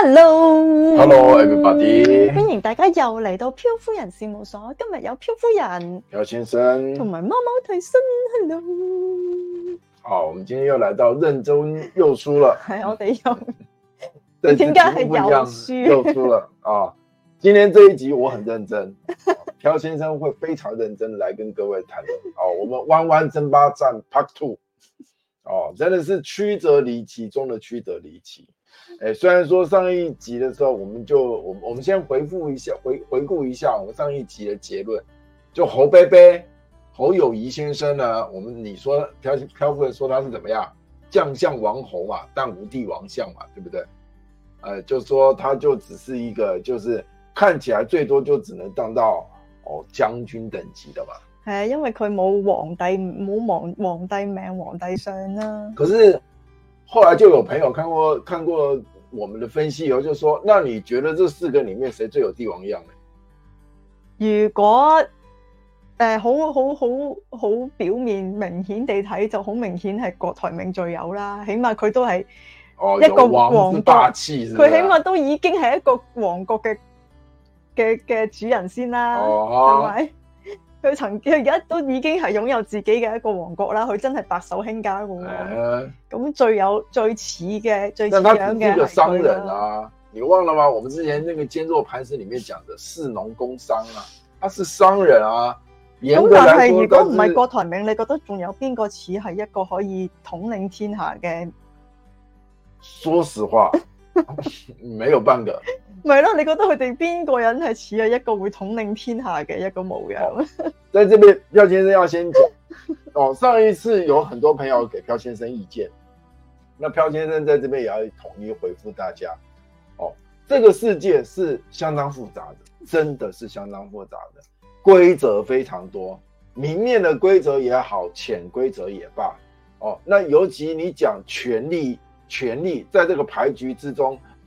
hello，hello hello everybody，歡迎大家又嚟到漂夫人事務所，今日有漂夫人、漂先生同埋貓貓退身。hello，好，我們今天又來到認真又輸了，係、哎、我哋又認真又輸了 啊！今天這一集我很認真，漂、 啊、先生會非常認真來跟各位談論。哦、 啊，我們彎彎爭霸戰 Part Two，、啊、哦，真的是曲折離奇中的曲折離奇。哎、欸，雖然說上一集的時候，我們就，我我們先回復一下，回回顧一下我們上一集的結論。就侯伯伯、侯友宜先生呢，我們你說，漂漂夫人說他是怎麼樣，將相王侯嘛，但無帝王相嘛，對不對？呃，就說他就只是一個，就是看起來最多就只能當到哦將軍等級的吧。哎，因為佢冇皇帝，冇皇皇帝命，皇帝相啊。可是後來就有朋友看過看過。我們的分析以後就是說，那你覺得這四個裏面誰最有帝王樣呢？如果誒、呃、好好好好表面明顯地睇就好明顯係郭台銘最有啦，起碼佢都係一個王霸，佢起碼都已經係一個王國嘅嘅嘅主人先啦，係、哦、咪？佢曾經而家都已經係擁有自己嘅一個王國啦，佢真係白手興家嘅喎。咁、嗯、最有最似嘅最似嘅。佢係商人啊，你忘了嗎？我們之前那個堅若磐石裏面講的士農工商啊，他是商人啊。咁但係如果唔係郭台銘，你覺得仲有邊個似係一個可以統領天下嘅？說實話， 沒有半個。咪咯，你覺得佢哋邊個人係似係一個會統領天下嘅一個模樣？喺、哦、呢邊，漂先生要先講。 哦，上一次有很多朋友給漂先生意見，那漂先生喺呢邊也要統一回覆大家。哦，這個世界是相當複雜的，真的是相當複雜的，規則非常多，明面的規則也好，潛規則也罷。哦，那尤其你講權力，權力在這個牌局之中。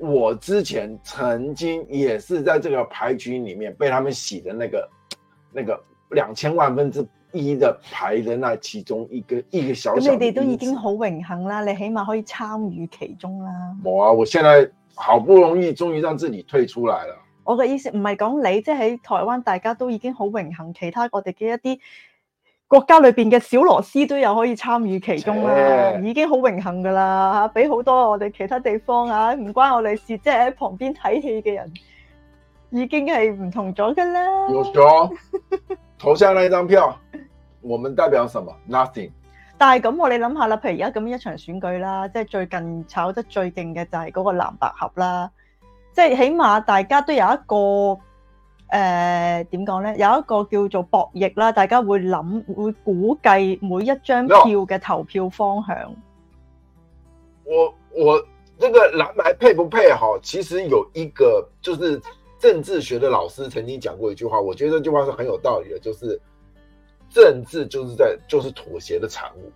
我之前曾經也是在這個牌局裏面被他們洗的那個，那個兩千萬分之一的牌的那其中一個一個小小的，你哋都已經好榮幸啦，你起碼可以參與其中啦。冇啊，我現在好不容易終於讓自己退出來了。我嘅意思唔係講你，即係喺台灣大家都已經好榮幸，其他我哋嘅一啲。國家裏邊嘅小螺絲都有可以參與其中啦，啊，已經好榮幸噶啦吓，俾好多我哋其他地方吓，啊，唔關我哋事，即係喺旁邊睇戲嘅人，已經係唔同咗噶啦。有咗投上，那張票。 我們代表什麼？Nothing。但係咁，我你諗下啦，譬如而家咁樣一場選舉啦，即、就、係、是、最近炒得最勁嘅就係嗰個藍白合啦，即、就、係、是、起碼大家都有一個。誒、呃，點講呢？有一個叫做博弈啦，大家會諗，會估計每一張票嘅投票方向。No. 我我呢個藍白配不配？哈，其實有一個，就是政治學的老師曾經講過一句話，我覺得這句話是很有道理嘅，就是政治就是在，就是妥協的產物。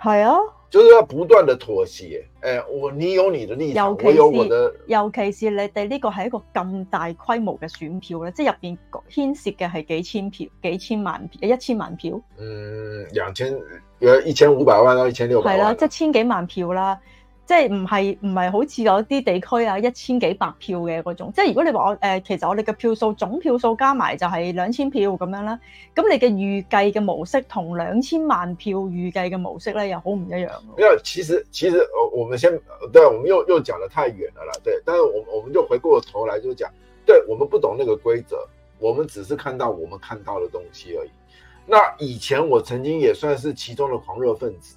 係啊。都、就是、要不斷的妥協，誒、哎，我你有你的利益，我有我的。尤其是你哋呢個係一個咁大規模嘅選票咧，即係入邊牽涉嘅係幾千票，幾千萬票，一千萬票，嗯，兩千，有一千五百萬到一千六百萬，係啦、啊，即、就、係、是、千幾萬票啦。即係唔係唔係好似有啲地區啊，一千幾百票嘅嗰種，即係如果你話我誒，其實我哋嘅票數總票數加埋就係兩千票咁樣啦。咁你嘅預計嘅模式同兩千萬票預計嘅模式咧又好唔一樣。唔係，其實其實我我們先，對，我們又又講得太遠啦啦，對，但是我我們就回過頭來就講，對，我們不懂那個規則，我們只是看到我們看到嘅東西而已。那以前我曾經也算是其中嘅狂熱分子。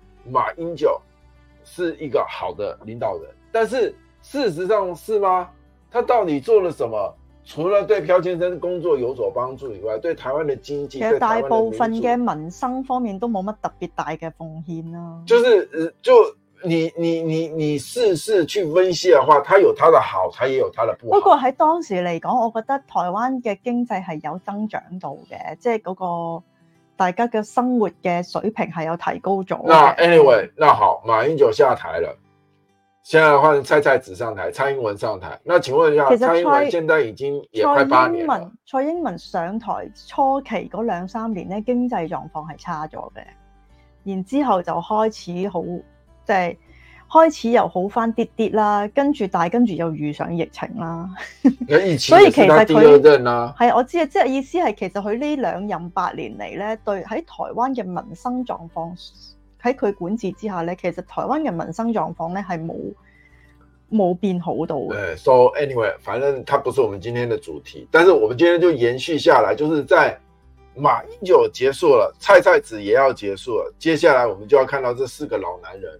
馬英九是一個好的領導人，但是事實上是嗎？他到底做了什麼？除了對朴先生的工作有所幫助以外，對台灣的經濟，其實大部分的民生方面都冇乜特別大嘅貢獻啊，就是就你你你你事事去分析嘅話，他有他的好，他也有他的不好。不過喺當時嚟講，我覺得台灣嘅經濟係有增長到嘅，即係嗰個。大家嘅生活嘅水平係有提高咗。那 anyway，那好，馬英九下台了，現在換蔡蔡子上台，蔡英文上台。那請問一下，其實蔡，蔡英文現在已經也快八年。蔡英文蔡英文上台初期嗰兩三年咧，經濟狀況係差咗嘅，然之後就開始好即係，就是開始又好返啲啲啦，跟住但係跟住又遇上疫情啦。 情啊、 所以其實佢係啊，我知啊，即係意思係其實佢呢兩任八年嚟咧，對喺台灣嘅民生狀況喺佢管治之下咧，其實台灣嘅民生狀況咧係冇冇變好到嘅。So anyway，反正佢不是我們今天的主題，但是我們今天就延續下來，就是在馬英九結束了，蔡蔡子也要結束了，接下來我們就要看到這四個老男人。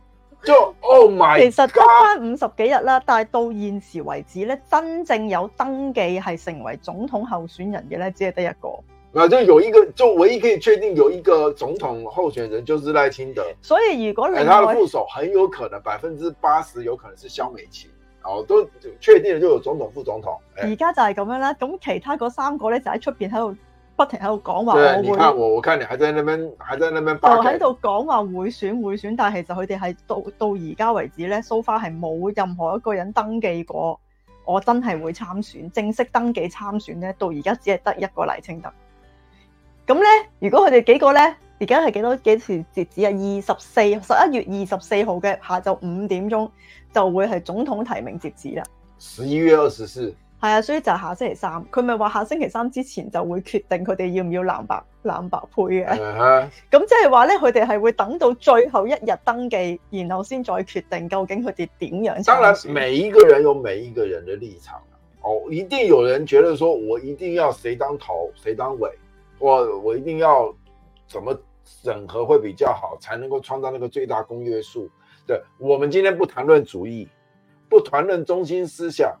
就 Oh my，God、嗯、其實得翻五十幾日啦，但係到現時為止咧，真正有登記係成為總統候選人嘅咧，只係得一個。就有一個，就唯一可以確定有一個總統候選人就是賴清德。所以如果佢，哎，他的副手很有可能百分之八十有可能是蕭美琴，哦，都確定就有總統副總統。而，哎，家就係咁樣啦，咁其他嗰三個咧就喺出邊喺度。不停喺度講話，我會。對，你看我，我看你，還在那邊，還在那邊。就喺度講話會選會選，但係其實佢哋係到到而家為止咧，蘇花係冇任何一個人登記過。我真係會參選，正式登記參選咧，到而家只係得一個賴清德。咁咧，如果佢哋幾個咧，而家係幾多幾時截止啊？二十四十一月二十四號嘅下晝五點鐘就會係總統提名截止啦。十一月二十四。係啊，所以就下星期三，佢咪話下星期三之前就會決定佢哋要唔要藍白、藍白配嘅。咁即係話咧，佢哋係會等到最後一日登記，然後先再決定究竟佢哋點樣。當然，每一個人有每一個人的立場哦，一定有人覺得說我一定要誰當頭，誰當尾，或我，我一定要怎麼整合會比較好，才能夠創造那個最大公約數。對，我們今天不談論主義，不談論中心思想。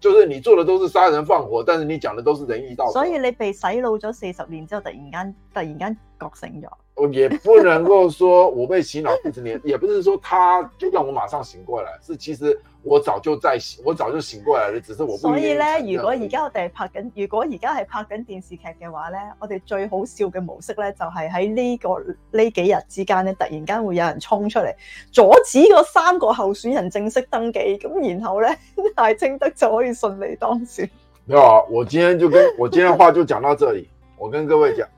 就是你做的都是殺人放火，但是你講的都是仁義道德。所以你被洗腦咗四十年之後，突然間突然間覺醒咗。 我也不能夠說我被洗腦一年， 也不是說他就讓我馬上醒過來，是其實我早就在醒，我早就醒過來了，只是我不。所以呢，如果而家我哋拍緊，如果而家係拍緊電視劇嘅話咧，我哋最好笑嘅模式咧，就係喺呢個呢幾日之間咧，突然間會有人衝出嚟，阻止嗰三個候選人正式登記，咁然後咧，賴清德就可以順利當選。你好，我今天就跟我今天話就講到這裏，我跟各位講。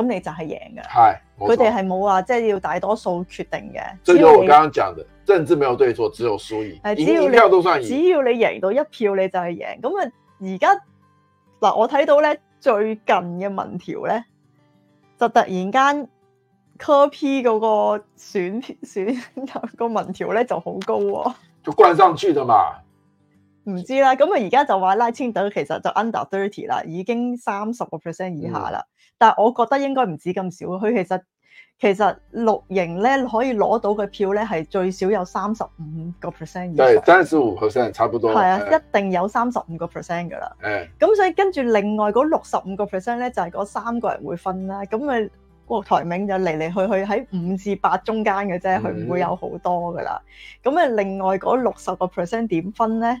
咁你就係贏嘅，係佢哋係冇話即係要大多數決定嘅。正如我剛剛講嘅，政治沒有對錯，只有輸贏。係只要票都算贏，只要你贏到一票，你就係贏。咁啊，而家嗱，我睇到咧最近嘅民調咧，就突然間柯 P 嗰個選選個民調咧就好高啊，哦，就灌上去嘅嘛。唔知啦，咁啊而家就話賴清德其實就 under thirty 啦，已經三十個 percent 以下啦。嗯、但係我覺得應該唔止咁少，佢其實其實綠營咧可以攞到嘅票咧係最少有三十五個 percent 以上。對，三十五 percent 差唔多。係啊，一定有三十五個 percent 㗎啦。咁所以跟住另外嗰六十五個 percent 咧，就係嗰三個人會分啦。咁啊郭台銘就嚟嚟去去喺五至八中間嘅啫，佢、嗯、唔會有好多㗎啦。咁啊另外嗰六十個 percent 點分咧？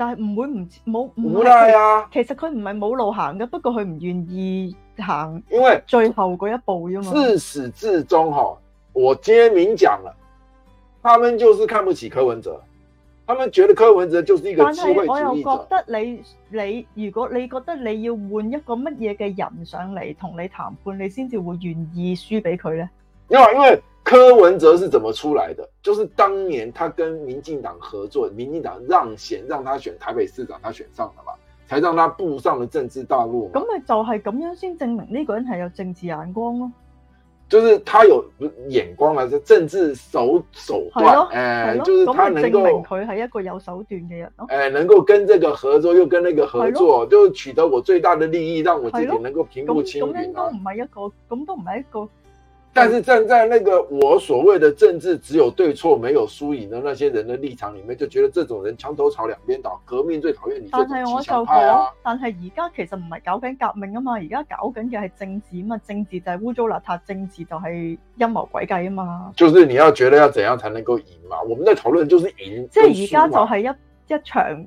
但係唔會唔冇冇啦啊！其實佢唔係冇路行嘅，不過佢唔願意行，因為最後嗰一步啫嘛。自始至終，哈，我揭明講啦，他們就是看不起柯文哲，他們覺得柯文哲就是一個機會主義者。但係我又覺得你你，如果你覺得你要換一個乜嘢嘅人上嚟同你談判，你先至會願意輸俾佢咧。因為因為。柯文哲是怎麼出來的？就是當年他跟民進黨合作，民進黨讓賢讓他選台北市長，他選上了嘛，才讓他步上了政治大路。咁咪就係咁樣先證明呢個人係有政治眼光咯、啊。就是他有眼光啊，政治手手段，誒、欸，就是他能夠明佢係一個有手段嘅人咯、啊。誒、欸，能夠跟這個合作，又跟那個合作，就取得我最大的利益，讓我自己能夠平步青雲，都唔係一個，咁都唔係一個。但是站在那個我所謂的政治只有對錯，沒有輸贏的那些人的立場裏面，就覺得這種人牆頭草兩邊倒，革命最討厭你。但係我就講，但係而家其實唔係搞緊革命啊嘛，而家搞緊嘅係政治啊嘛，政治就係污糟邋遢，政治就係陰謀詭計啊嘛。就是你要覺得要怎樣才能夠贏嘛，我們在討論就是贏。即係而家就係一一場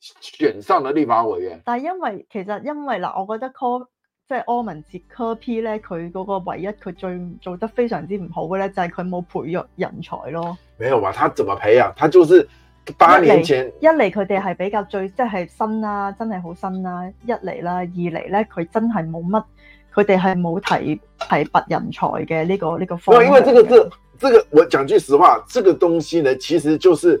選上了立法委員，但係因為其實因為嗱，我覺得 Co 即係柯文哲 Co P 咧，佢嗰個唯一佢最做得非常之唔好嘅咧，就係佢冇培育人才咯。沒有吧？他怎麼培養、啊？他就是八年前一嚟，佢哋係比較最即係、就是、新啦、啊，真係好新啦、啊。一嚟啦，二嚟咧，佢真係冇乜，佢哋係冇提提拔人才嘅呢、這個呢、這個方。因為呢、這個呢，這個、這個、我講句實話，這個東西呢，其實就是。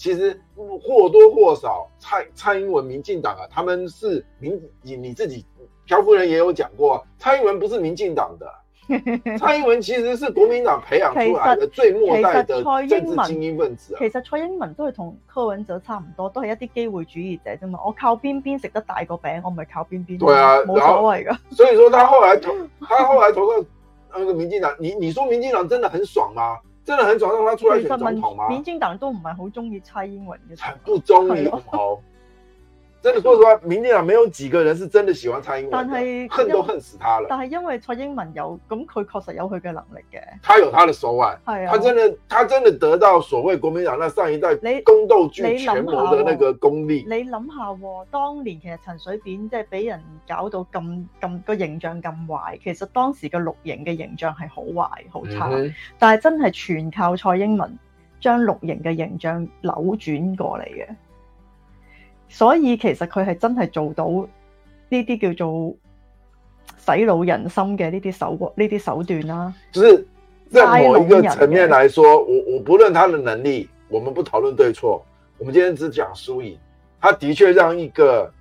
其實或多或少，蔡蔡英文、民進黨啊，他們是民你你自己，漂夫人也有講過，蔡英文不是民進黨的，蔡英文其實是國民黨培養出來的最末代的政治精英分子啊。其實，其實其實蔡英文都係同柯文哲差唔多，都是一啲機會主義者啫嘛，我靠邊邊食得大個餅，我咪靠邊邊咯，對啊，冇所謂㗎。所以說他後來， 他後來投個那個民進黨，你你說民進黨真的很爽嗎？真的很早，讓佢出嚟選總統，好嗎？民進黨，都唔係好中意蔡英文嘅，很唔中意，哦、好。真、嗯、的，說實話，民進黨沒有幾個人是真的喜歡蔡英文，但係恨都恨死他了。但係因為蔡英文有，咁佢確實有佢嘅能力嘅。他有他的手腕，係、啊，他真的，他真的得到所謂國民黨那上一代，你宮鬥劇全部的那個功力。你諗下、哦哦，當年其實陳水扁即係俾人搞到咁咁個形象咁壞，其實當時嘅綠營嘅形象係好壞好差，嗯、但係真係全靠蔡英文將綠營嘅形象扭轉過嚟嘅。所以其實佢係真係做到呢啲叫做洗腦人心嘅呢啲手呢啲手段啦、啊。喺、就是、在某一個層面來說，我我不論他的能力，我們不討論對錯，我們今天只講輸贏。他的確讓一個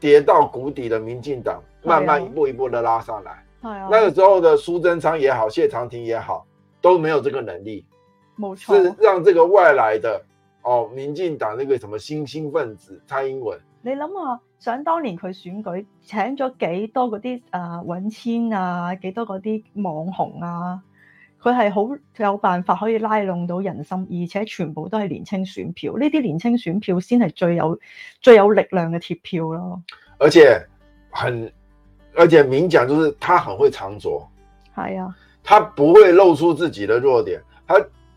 跌到谷底嘅民進黨，慢慢一步一步地拉上來、啊。那個時候嘅蘇貞昌也好，謝長廷也好，都沒有這個能力，沒錯是讓這個外來的。哦，民進黨那個什麼新興分子蔡英文，你諗下，啊，想當年佢選舉請咗幾多嗰啲誒揾錢啊，幾多嗰啲網紅啊，佢係好有辦法可以拉攏到人心，而且全部都係年輕選票，呢啲年輕選票先係最有最有力量嘅鐵票咯。而且很而且明講，就是他很會藏拙，係啊，他不會露出自己的弱點，他。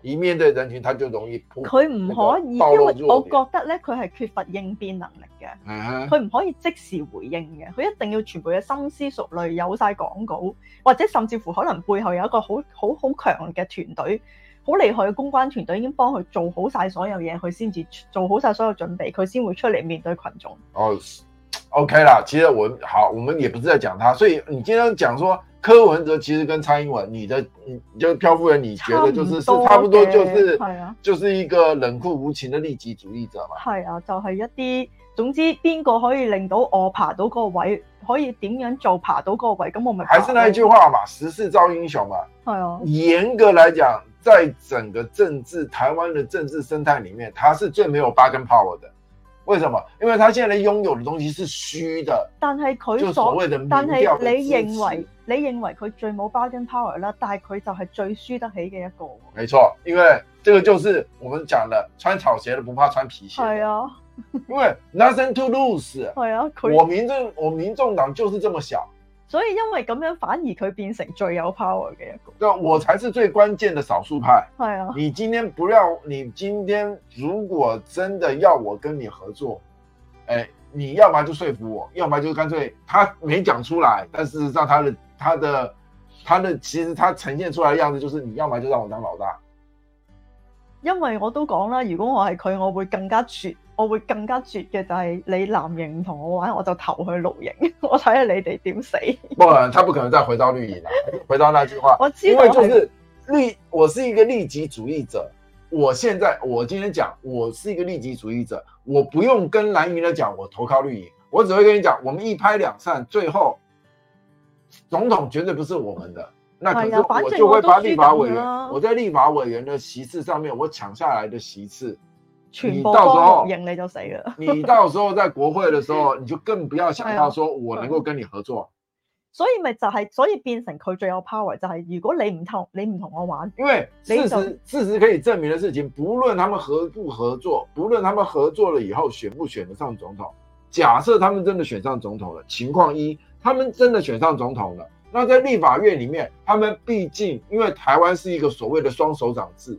以面對人群，他就容易佢唔可以、那個，因為我覺得咧，佢係缺乏應變能力嘅，佢、uh-huh. 唔可以即時回應嘅，佢一定要全部嘅深思熟慮，有晒講稿，或者甚至乎可能背後有一個好好好強嘅團隊，好厲害嘅公關團隊已經幫佢做好晒所有嘢，佢先至做好晒所有準備，佢先會出嚟面對群眾。Oh, O、okay、K 啦，其實我好，我們也不是在講他，所以你經常講說柯文哲其實跟蔡英文，你的你就漂夫人，你覺得就是是差不多，不多就是係啊，就是一個冷酷無情的利己主義者嘛。係啊，就係、是、一啲，總之邊個可以令到我爬到嗰個位，可以點樣做爬到嗰個位，咁我咪。還是那一句話嘛，時勢造英雄嘛。係啊。嚴格來講，在整個政治台灣的政治生態裡面，他是最沒有 bargaining power 的。為什麼？因為他現在擁有的東西是虛的，但係佢所就所謂的，的，但係你認為你認為佢最冇 bargaining power 啦，但係佢就係最輸得起嘅一個。沒錯，因為這個就是我們講的穿草鞋的不怕穿皮鞋的。係啊，因為 nothing to lose，啊。係啊，我民政我民眾黨就是這麼想。所以因為咁樣反而佢變成最有 power 嘅一個。對，我才是最關鍵的少數派。係啊，你今天不要，你今天如果真的要我跟你合作，欸，你要麼就說服我，要麼就乾脆他沒講出來，但事實上他的他的他的其實他呈現出來的樣子就是你要麼就讓我當老大。因為我都講啦，如果我係佢，我會更加我會更加絕嘅就是你藍營唔同我玩，我就投去綠營，我睇下你哋點死。不然他不可能再回到綠營了，回到那句話， 我因為就是，是我是一個利己主義者。我現在，我今天講，我是一個利己主義者。我不用跟藍營的講，我投靠綠營，我只會跟你講，我們一拍兩散，最後總統絕對不是我們的。那可是我就會把立法委員，哎、我，我在立法委員的席次上面，我搶下來的席次。全部都應你就死。 你到時候在國會的時候，你就更不要想到說我能夠跟你合作。 所以咪就係、是，所以變成佢最有 power 就係，如果你唔同你唔同我玩。因為事實事實可以證明的事情，無論他們合不合作，無論他們合作了以後選不選得上總統，假設他們真的選上總統了，情況一，他們真的選上總統了，那在立法院裏面，他們畢竟因為台灣是一個所謂的雙首長制。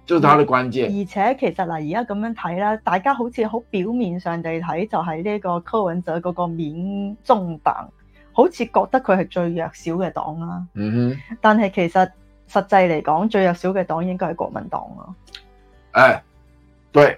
就係、是、它的關鍵，而且其實嗱，而家咁樣睇啦，大家好似好表面上地睇，就係、是、呢個柯文哲嗰個面中黨，好似覺得佢係最弱小嘅黨啦。嗯哼，但係其實實際嚟講，最弱小嘅黨應該係國民黨咯。誒、哎，對。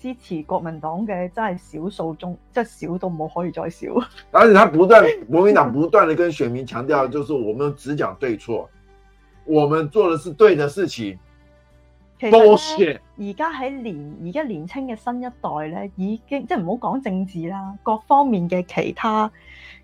支持國民黨嘅真係少數中，即係少到冇，可以再少。而且他不斷，國民黨不斷地跟選民強調，就是我們只講對錯， 我們做的是對的事情。多謝。而家喺年而家年輕嘅新一代咧，已經即係唔好講政治啦，各方面嘅其他。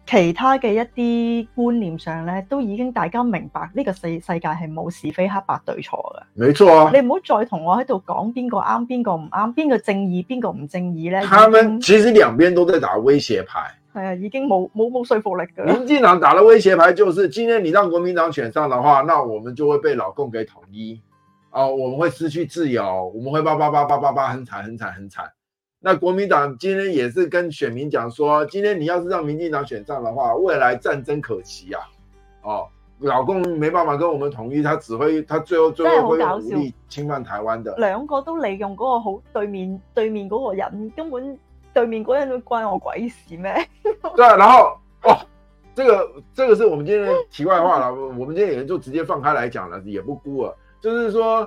其他嘅一啲觀念上咧，都已經大家明白呢、這個世世界係冇是非黑白對錯嘅。冇錯啊，你唔好再同我喺度講邊個啱，邊個唔啱，邊個正義，邊個唔正義咧。他們其實兩邊都在打威脅牌。係、嗯、啊，已經冇冇冇說服力嘅。民進黨打的威脅牌就是，今天你讓國民黨選上的話，那我們就會被老共給統一，啊、呃，我們會失去自由，我們會八八八八八八很慘，很慘，很慘。很慘。那國民黨今天也是跟選民講說，今天你要是讓民進黨選上的話，未來戰爭可期啊！哦，老共沒辦法跟我們統一，他只會他最後最後會用武力侵犯台灣的。兩個都利用嗰個好對面對面嗰個人，根本對面嗰人都關我鬼事咩？ 對，然後哦，這個這個是我們今天的題外話了， 我們今天也就直接放開來講了，也不顧啊就是說。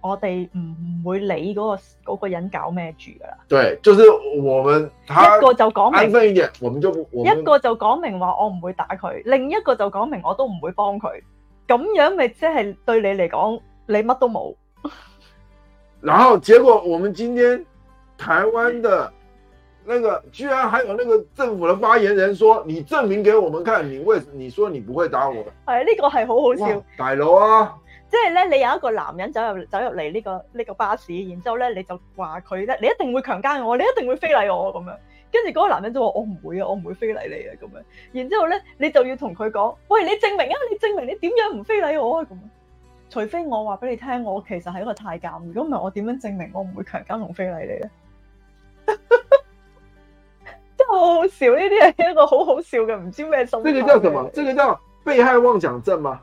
我哋唔會理嗰個個人搞咩住㗎喇。對，就是我們一個就講安分一點，一我們就我們一個就講明話我唔會打佢，另一個就講明我都唔會幫佢。咁樣咪即係對你嚟講，你乜都冇。然後結果，我們今天台灣的那個居然還有那個政府的發言人說，你證明給我們看，你為你說你不會打我。係呢、呢個係好好笑。大佬啊！即係咧，你有一個男人走入走入嚟呢個呢個巴士，然之後咧你就話佢咧，你一定會強奸我，你一定會非禮我咁樣。跟住嗰個男人就話我唔會啊，我唔會非禮你啊咁樣。然之後咧，你就要同佢講，喂，你證明啊，你證明你點樣唔非禮我啊咁樣。除非我話俾你聽，我其實係一個太監。如果唔係，我點樣證明我唔會強奸同非禮你咧？ 真係好好笑，呢啲係一個好好笑嘅，唔知咩呢。這個叫什麼？這個叫被害妄想症嗎？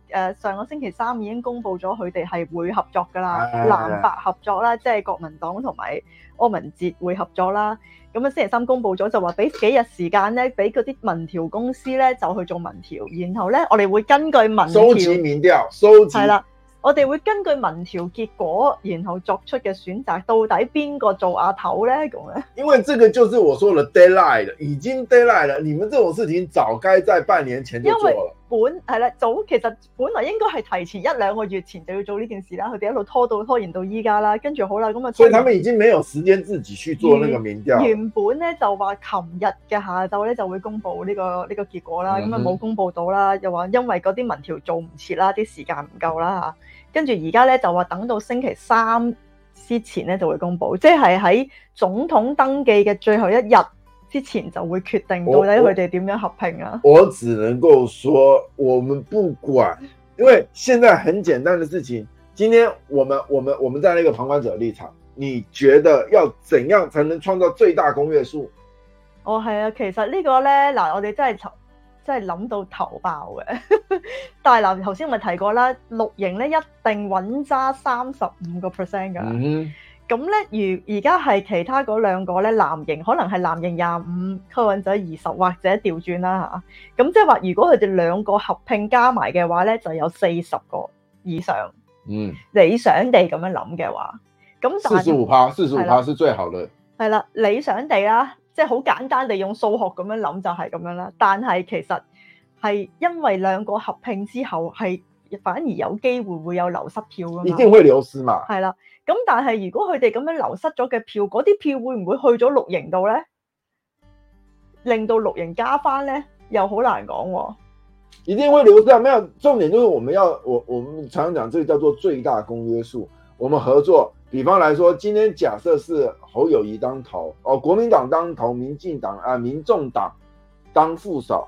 誒、呃，上個星期三已經公布咗，佢哋係會合作噶啦，藍、啊、白合作啦、啊，即係國民黨同埋柯文哲會合作啦。咁啊，星期三公布咗就話俾幾日時間咧，俾嗰啲民調公司咧就去做民調，然後咧我哋會根據民調，收集民調，收集係啦，我哋會根據民調結果，然後作出嘅選擇，到底邊個做阿頭咧咁咧？因為這個就是我說的 deadline 已經 deadline 了。你們這種事情早該在半年前就做了。本係啦，早其實本來應該係提前一兩個月前就要做呢件事啦，佢哋一路拖到拖延到依家啦，跟住好啦咁啊、嗯，所以他們已經沒有時間自己去做呢個民調。原本咧就話琴日嘅下晝咧就會公布呢個呢個結果啦，咁啊冇公布到啦，又話因為嗰啲民調做唔切啦，啲時間唔夠啦嚇，跟住而家咧就話等到星期三之前咧就會公布，即係喺總統登記嘅最後一日。之前就會決定到底佢哋點樣合併啊，我我！我只能夠說，我們不管，因為現在很簡單的事情。今天我們、我們、我們在一個旁觀者立場，你覺得要怎樣才能創造最大公約數？哦，係啊，其實個呢個咧，嗱，我哋真係真係諗到頭爆嘅。但係嗱，頭先咪提過啦，綠營咧一定穩揸三十五個 percent 㗎啦。嗯咁咧，如而家係其他嗰兩個咧，藍營可能係藍營廿五，吸引咗二十或者調轉啦吓。咁即係話，如果佢哋兩個合拼加埋嘅話咧，就有四十個以上。嗯，理想地咁樣諗嘅話，咁四十五票，四十五票，係最好嘅。係啦，啦，理想地啦，啊，即係好簡單地用數學咁樣諗就係咁樣啦。但係其實係因為兩個合拼之後，係反而有機會會有流失票噶嘛，一定會流失嘛。係啦。咁但係如果佢哋咁樣流失咗嘅票，嗰啲票會唔會去咗綠營度咧？令到綠營加翻咧，又好難講喎、哦。一定會流失啊！重點，就是我們要我我們常常講，這個叫做最大公約數。我們合作，比方來說，今天假設是侯友宜當頭，哦，國民黨當頭，民進黨啊，民眾黨當副手。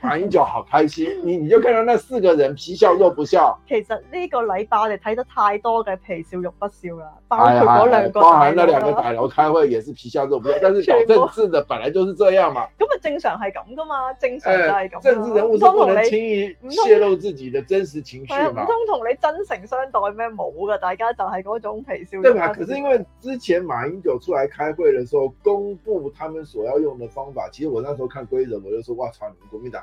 馬英九好開心，你你就看到那四個人皮笑肉不笑。其實呢個禮拜我哋睇得太多嘅皮笑肉不笑啦，包括兩個、哎，包含那兩個大佬開會也是皮笑肉不笑，但是搞政治的，本來就是這樣嘛。咁麼正常係咁嘅嘛，正常係咁、欸。政治人物是不可能輕易泄露自己的真實情緒嘛，唔通同你真誠相待咩？冇噶，大家就係嗰種皮笑肉不笑。對啊，可是因為之前馬英九出來開會嘅時候，公布他們所要用的方法，其實我那時候看規則我就說哇，操，你們國民黨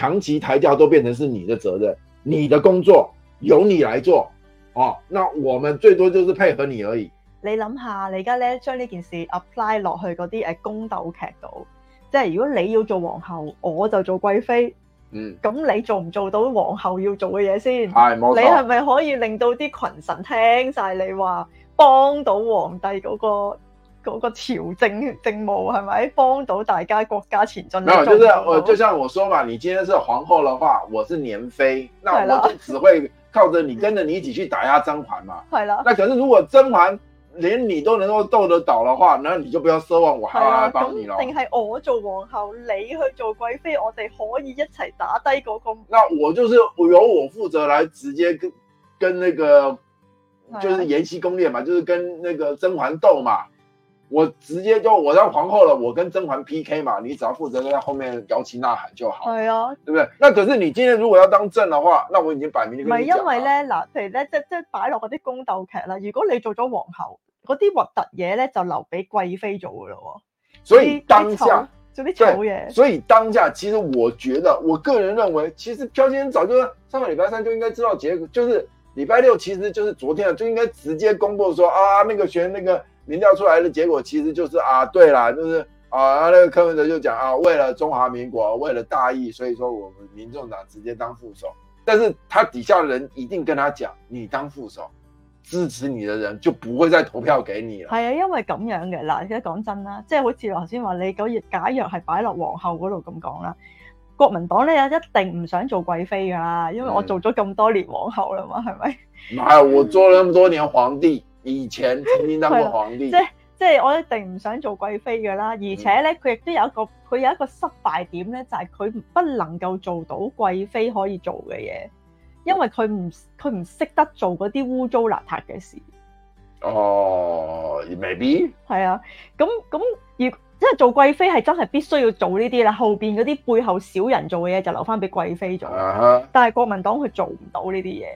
長期抬轎都變成是你的責任，你的工作由你來做哦、啊。那我們最多就是配合你而已。你諗下，你而家咧將呢件事 apply 落去嗰啲誒宮鬥劇度，即係如果你要做皇后，我就做貴妃。嗯，咁你做唔做到皇后要做嘅嘢先係冇錯、哎、你係咪可以令到啲群臣聽晒你話，幫到皇帝嗰、那個？嗰、那個朝政政務係咪幫到大家國家前進？那就是我就像我說嘛，你今天是皇后的話，我是年妃，那我就只會靠着你，跟着你一起去打壓甄嬛嘛。係啦！那可是如果甄嬛連你都能夠鬥得倒的話，那你就不要奢望我還要來幫你咯。係啊，咁定係我做皇后，你去做貴妃，我哋可以一齊打低嗰、那個。那我就是由我負責來直接跟跟那個，是就是延禧攻略嘛，就是跟那個甄嬛鬥嘛。我直接就我當皇后了，我跟甄嬛 PK 嘛，你只要負責在後面搖旗吶喊就好。對呀，對不對？那可是你今天如果要當正的話，那我已經擺明。唔係因為咧，嗱，譬如咧，即即擺落嗰啲宮鬥劇啦，如果你做咗皇后，嗰啲核突嘢咧就留俾貴妃做噶咯。所以當下做啲醜嘢。對，所以當下其實我覺得，我個人認為，其實漂先生早就上個禮拜三就應該知道結果，就是禮拜六其實就是昨天就應該直接公佈說啊，那個選那個。民調出來的結果其實就是啊，對啦，就是啊，那個柯文哲就講啊，為了中華民國，為了大義，所以說我們民眾黨直接當副手，但是他底下的人一定跟他講，你當副手，支持你的人就不會再投票給你啦。係啊，因為咁樣嘅嗱，而家講真啦，即係好似頭先話你，假如假若係擺落皇后嗰度咁講啦，國民黨咧一定唔想做貴妃噶啦，因為我做咗咁多年皇、嗯、后了嘛，係咪？唔係，我做咗咁多年皇帝。嗯而且天天都冇皇帝，即即係我一定唔想做貴妃噶啦。而且咧，佢亦都有一個佢有一個失敗點咧，就係、是、佢不能夠做到貴妃可以做嘅嘢，因為佢唔佢唔識得做嗰啲污糟邋遢嘅事。哦、oh，maybe 係啊。咁咁而即係做貴妃係真係必須要做呢啲啦。後邊嗰啲背後小人做嘅嘢就留翻俾貴妃做。Uh-huh. 但係國民黨佢做唔到呢啲嘢。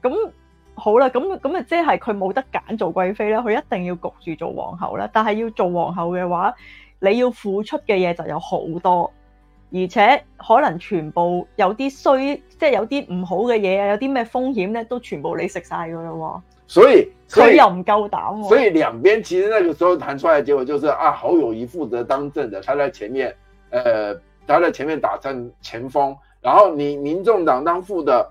咁好啦，咁咁啊，即係佢冇得揀做貴妃啦，佢一定要焗住做皇后啦。但係要做皇后嘅話，你要付出嘅嘢就有好多，而且可能全部有啲衰，即係有啲唔好嘅嘢，有啲咩風險咧，都全部你食晒噶啦喎。所以所以又唔夠膽。所以兩邊其實那個時候談出來的結果就是啊，侯友宜負責當政的，他在前面，誒、呃，他在前面打正前鋒，然後你民眾黨當副的。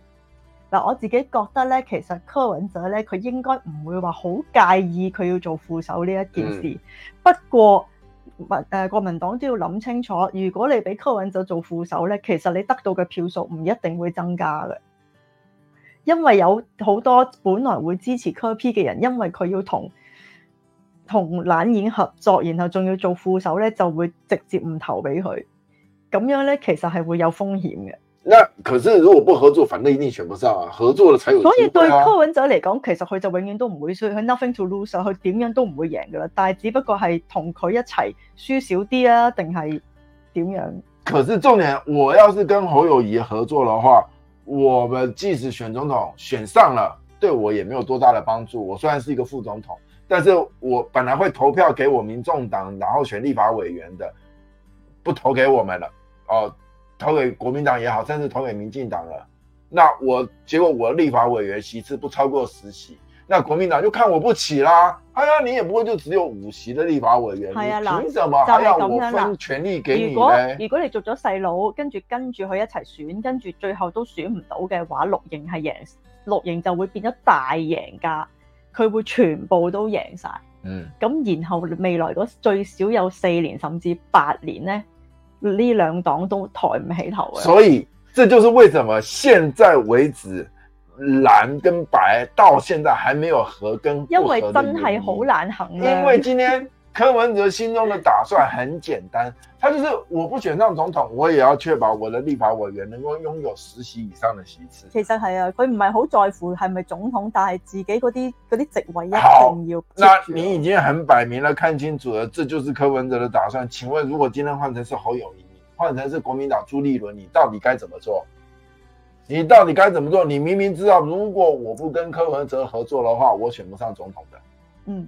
嗱，我自己覺得咧，其實柯文哲咧，佢應該唔會話好介意佢要做副手呢一件事。嗯、不過民誒國民黨都要諗清楚，如果你俾柯文哲做副手咧，其實你得到嘅票數唔一定會增加嘅，因為有好多本來會支持柯 P 嘅人，因為佢要同同藍營合作，然後仲要做副手咧，就會直接唔投俾佢。咁樣咧，其實係會有風險嘅。那可是如果不合作，反正一定選不上啊。合作了才有機會啊。所以對柯文哲嚟講，其實佢就永遠都唔會輸，佢 nothing to lose，佢點樣都唔會贏嘅啦。但係只不過係同佢一齊輸少啲啊，定係點樣？可是重點，我要是跟侯友宜合作嘅話，我們即使選總統選上了，對我也沒有多大的幫助。我雖然是一個副總統，但是我本來會投票給我民眾黨，然後選立法委員的，不投給我們了，哦、呃。投給國民黨也好，甚至投給民進黨了，那我結果我立法委員席次不超過十席，那國民黨就看我不起啦，哎。你也不會就只有五席的立法委員，是啊，你憑什麼？還要我分權力給你呢，就是，如果如果你做咗細佬，跟住跟住去一齊選，跟住最後都選唔到嘅話，綠營係贏，綠營就會變咗大贏家，佢會全部都贏晒。嗯，咁然後未來的最少有四年，甚至八年呢。呢兩黨都抬唔起頭嘅。所以，這就是為什麼現在為止藍跟白到現在還沒有合跟，因為真係好難行的。因為今天。柯文哲心中的打算很簡單，他就是我不選上總統，我也要確保我的立法委員能夠擁有十席以上的席次。其實係啊，佢唔係好在乎係咪總統，但是自己嗰啲嗰啲職位一定要。好，那你已經很擺明了看清楚了，這就是柯文哲的打算。請問，如果今天換成是侯友宜，換成是國民黨朱立倫，你到底該怎麼做？你到底該怎麼做？你明明知道，如果我不跟柯文哲合作的話，我選不上總統的。嗯。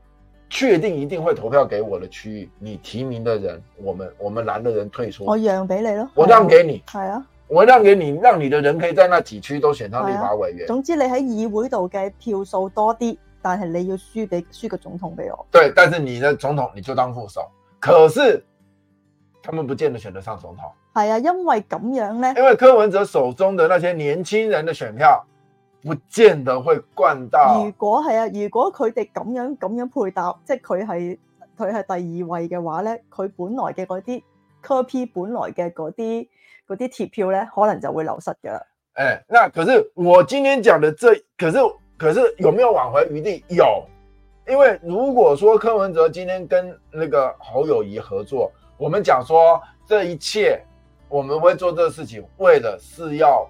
確定一定會投票給我的區域，你提名的人，我們我們藍的人退出，我讓俾你咯，我讓給你，啊、哦，我讓給你是、啊，讓你的人可以在那幾區都選上立法委員。啊、總之你喺議會度嘅票數多啲，但係你要輸俾輸個總統給我。對，但是你的總統你就當副手，可是他們不見得選得上總統。係啊，因為咁樣呢？因為柯文哲手中的那些年輕人的選票。不見得會灌到。如果係啊，如果佢哋咁樣咁樣配搭，即係佢係佢係第二位嘅話咧，佢本來嘅嗰啲柯 P 本來嘅嗰啲嗰啲鐵票咧，可能就會流失㗎喇。誒、欸，那可是我今天講嘅，這，可是可是有沒有挽回餘地？有，因為如果說柯文哲今天跟那個侯友宜合作，我們講說這一切，我們會做呢個事情，為的是要。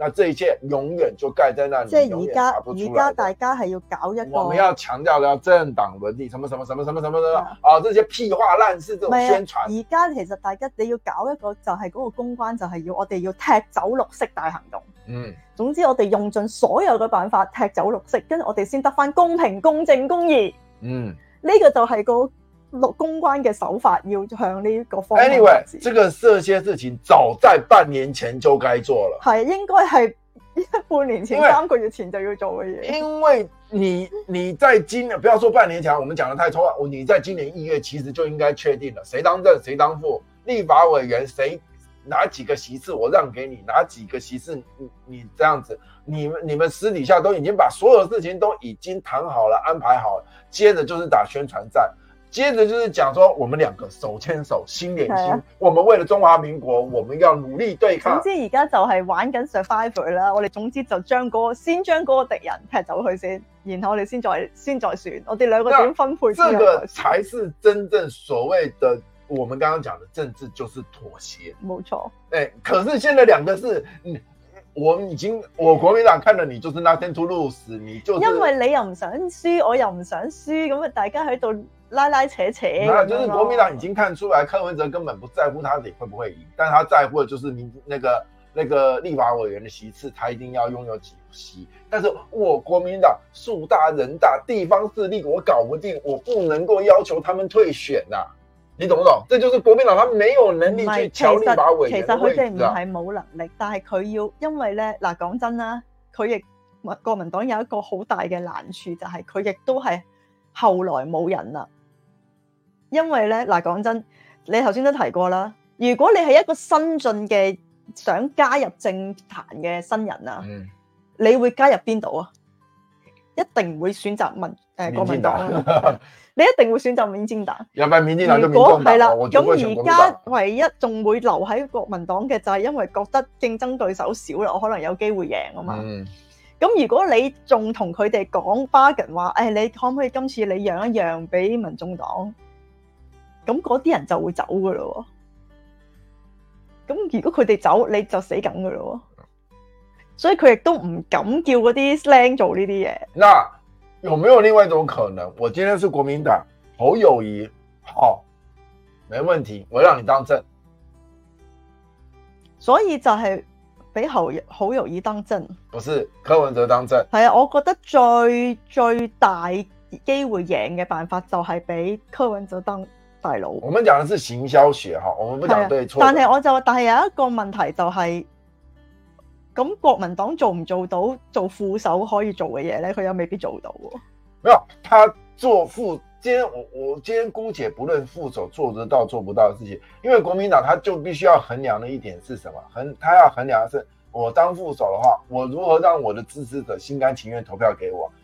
那這一切永遠就蓋在那裏，即係而家，而家大家係要搞一個，我們要強調要政黨輪替，什麼什麼什麼什麼什麼，什麼啊，啊，這些屁話爛事，這種宣傳。而家其實大家你要搞一個，就係嗰個公關，就係要我哋要踢走綠色大行動。嗯，總之我哋用盡所有嘅辦法踢走綠色，跟住我哋先得返公平、公正、公義。嗯，呢、這個就係、那個。六公關嘅手法要向呢個方向，向。Anyway，這個這些事情早在半年前就該做了。係應該係半年前，三個月前就要做嘅嘢。因為你你在今年，不要說半年前，我們講得太抽象。 你在今年一月，其實就應該確定了，誰當正，誰當副，立法委員，誰哪幾個席次我讓給你，哪幾個席次你你這樣子，你們你們私底下都已經把所有事情都已經談好了，安排好了，接着就是打宣傳戰。接着就是講說，我們兩個手牽手，心連心，我們為了中華民國，我們要努力對抗。總之而家就係玩緊 survivor 啦，我哋總之就將嗰個先將嗰、那個、個敵人踢走佢先，然後我哋先再先再算，我哋兩個點分配。這個才是真正所謂的我們剛剛講的政治，就是妥協，冇錯、哎。可是現在兩個是，我已經我國民黨看了你就是 nothing to lose 你就是、因為你又唔想輸，我又唔想輸，咁啊大家喺度。拉拉扯扯，啊，嗱，就是國民黨已經看出來，柯文哲根本不在乎他自己會不會贏，但他在乎的就是你那個那個立法委員的席次，他一定要擁有幾席。但是我國民黨樹大人大，地方勢力我搞不定，我不能夠要求他們退選啊。你懂唔懂？這就是國民黨，他沒有能力去搶立法委員的位置，啊、其實佢哋唔係冇能力，但係佢要，因為咧嗱，講、啊、真啦，佢亦國民黨有一個好大嘅難處，就係佢亦都係後來冇人啦。因為咧嗱，講真，你頭先都提過啦。如果你係一個新進嘅想加入政壇嘅新人啊，你會加入邊度啊？一定唔會選擇民誒國民黨，你一定會選擇民進黨。又係民進黨都係啦。係啦，咁而家唯一仲會留喺國民黨嘅就係因為覺得競爭對手少啦，我可能有機會贏啊嘛。咁如果你仲同佢哋講 bargain 話，誒，你可唔可以今次你讓一讓俾民眾黨？咁嗰啲人就會走噶咯。咁如果佢哋走，你就死梗噶咯。所以佢亦都唔敢叫嗰啲僆做呢啲嘢。嗱，有冇有另外一種可能？我今天是國民黨侯友宜，好、哦，沒問題，我讓你當真。所以就係俾侯侯友宜當政，不是柯文哲當真，係啊，我覺得最最大機會贏嘅辦法就係俾柯文哲當。大佬，我們講的是行銷學哈，我們不講對錯。但是我就但係有一個問題就係、是，咁國民黨做唔做到做副手可以做嘅嘢呢？佢又未必做到。沒有，他做副，今天我我今天姑且不論副手做得到做不到嘅事情，因為國民黨，他就必須要衡量的一點是什麼？衡，他要衡量的是我當副手的話，我如何讓我的支持者心甘情願投票給我？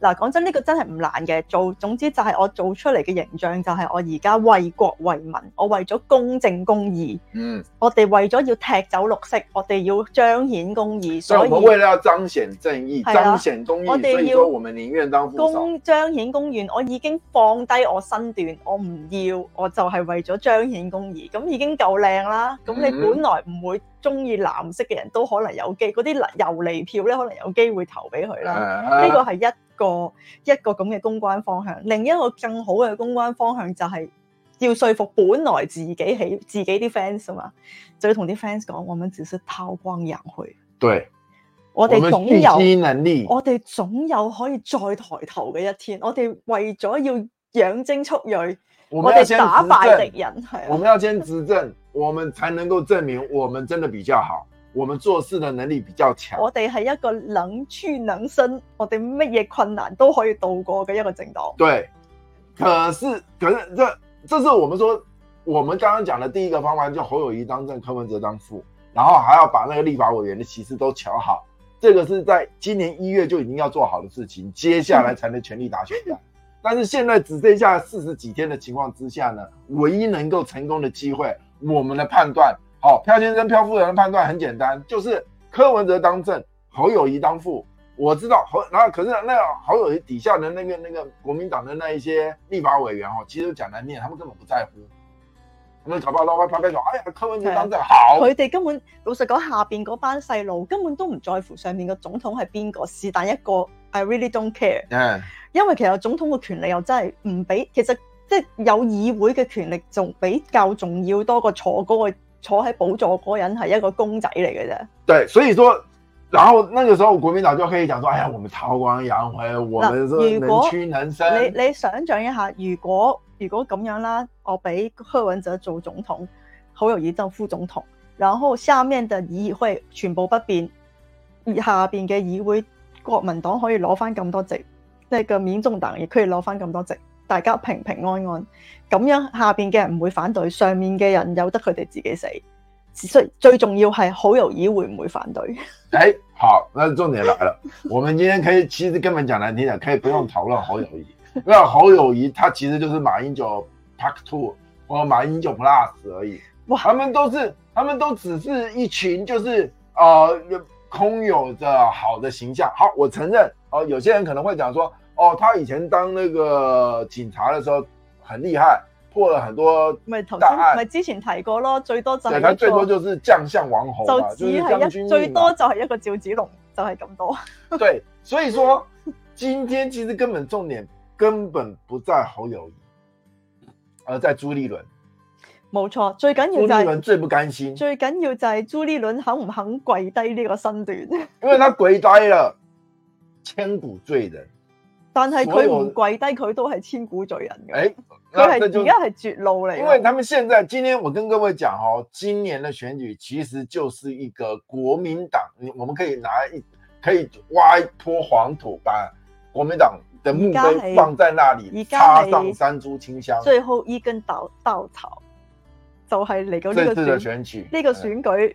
嗱，講真，呢個真係唔難嘅。做總之就係我做出嚟嘅形象，就係我而家為國為民，我為咗公正公義。嗯，我哋為咗要踢走綠色，我哋要彰顯公義。所以，所以我們為了要彰顯正義、彰顯公義，所以要，我們寧願當公彰顯公義我已經放低我身段，我唔要，我就係為咗彰顯公義咁已經夠靚啦。咁你本來唔會中意藍色嘅人、嗯、都可能有機嗰啲遊離票咧可能有機會投俾佢啦。呢、啊啊呢個係一。個一個咁嘅公關方向，另一個更好嘅公關方向就係要說服本來自己起自己啲 fans 啊嘛，就要同啲 fans 講，我們只是韜光養晦，對，我哋總有能力，我哋總有可以再抬頭嘅一天。我哋為咗要養精蓄銳，我哋打敗敵人，係，我們要先執政，我們，敗敗我們、啊、我們才能夠證明我們真的比較好。我們做事的能力比較強，我哋是一個能屈能伸、我哋乜嘢困難都可以度過嘅一個政黨。對，可是，可是這這這是我們說，我們剛剛講的第一個方法，就侯友宜當正，柯文哲當副，然後還要把那個立法委員的席次都喬好，這個是在今年一月就已經要做好的事情，接下來才能全力打選戰，嗯、但是現在只剩下四十幾天的情況之下呢，唯一能夠成功嘅機會，我們的判斷。好、哦，漂先生、漂夫人的判斷很簡單，就是柯文哲當政，侯友宜當副。我知道侯，然後可是那侯友宜底下的那個那個國民黨的那一些立法委員哦，其實講難念，他們根本不在乎。咁啊搞到老外發表說：，哎呀，柯文哲當政、嗯、好。佢哋根本老實講，下邊嗰班細路根本都唔在乎上面嘅總統係邊個，是但一個，I really don't care、嗯。誒，因為其實總統嘅權力又真係唔俾，其實即係有議會嘅權力仲比較重要多過坐嗰個。坐喺寶座嗰人係一個公仔嚟嘅啫。對，所以說，然後那個時候，國民黨就可以講說：，哎呀，我們韜光養晦，我們是能屈能伸，你你想象一下，如果如果咁樣啦，我俾柯文哲做總統，好容易就副總統，然後下面嘅議會全部不變，而下邊嘅議會，國民黨可以攞翻咁多席，即那個民眾黨亦可以攞翻咁多席。大家平平安安咁樣，下面嘅人唔會反對，上面嘅人由得佢哋自己死。所以最重要係侯友宜會唔會反對？誒、哎，好，那重點來了， 我們今天可以其實根本講難聽啲，可以不用討論侯友宜。那 侯友宜，它其實就是馬英九 Part Two 或馬英九 Plus 而已。哇，他們都是，他們都只是一群，就是啊、呃、空有着好的形象。好，我承認，哦、呃，有些人可能會講說。哦，他以前當那個警察的時候很厲害，破了很多先，案。咪之前提過咯，最多就佢最多就是將相王侯就係將、就是、軍。最多就是一個趙子龍，就係、是、咁多。 對，所以說今天其實根本重點根本不在侯友宜，而、呃、在朱立倫。冇錯，最緊要、就是、朱立倫最不甘心，最緊要就係朱立倫肯唔肯跪低呢個身段？ 因為他跪低了，千古罪人。但係佢唔跪低，佢都係千古罪人嘅。佢係而家係絕路嚟。因為他們現在，今天我跟各位講，嗬，今年的選舉其實就是一個國民黨，我們可以拿一可以挖一撮黃土，把國民黨的墓碑放在那裏，插上三株清香，最後一根稻稻草，就係嚟到呢個選舉呢個選舉。嗯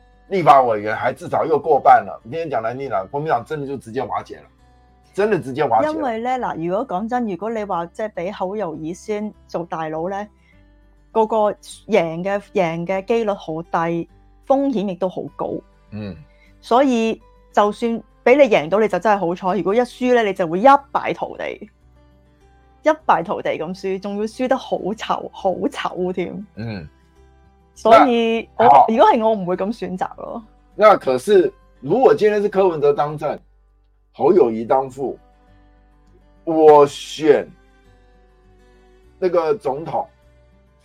立法委員還至少又過半了，今天講你聽講你呢，國民黨真的就直接瓦解了，真的直接瓦解了。因為咧嗱，如果講真，如果你話即係俾口由耳先做大佬咧，個個贏嘅贏嘅幾率好低，風險亦都好高。嗯，所以就算俾你贏到，你就真係好彩；如果一輸咧，你就會一敗塗地，一敗塗地咁輸，仲要輸得好醜，好醜添。嗯。所以，我如果係我唔會咁選擇咯。那可是，如果今天是柯文哲當政，侯友宜當副，我選那個總統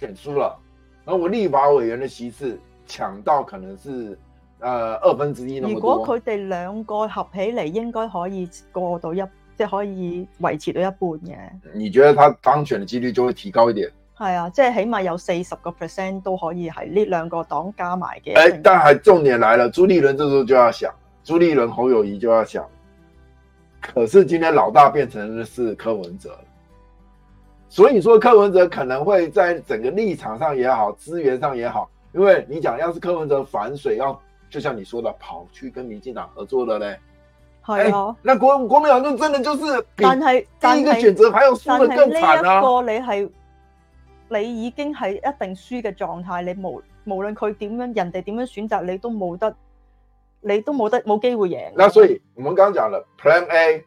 選輸了，那我立法委員的席次搶到，可能是呃二分之一。如果佢哋兩個合起嚟，應該可以過到一，即係可以維持到一半嘅。你覺得他當選的幾率就會提高一點？係啊，即係起碼有四十個 percent 都可以係呢兩個黨加埋嘅。誒，但係重點來了，朱立倫這時候就要想，朱立倫、侯友宜就要想，可是今天老大變成是柯文哲，所以說柯文哲可能會在整個立場上也好，資源上也好，因為你講，要是柯文哲反水要，要就像你說的，跑去跟民進黨合作的咧，好哦、啊哎、那國國民黨就真的就是，但係第一個選擇，還要輸得更慘啊，個你係。你已經係一定輸嘅狀態，你無無論佢點樣，人哋點樣選擇，你都冇得，你都冇得冇機會贏。嗱，所以我哋剛，剛講了 Plan A，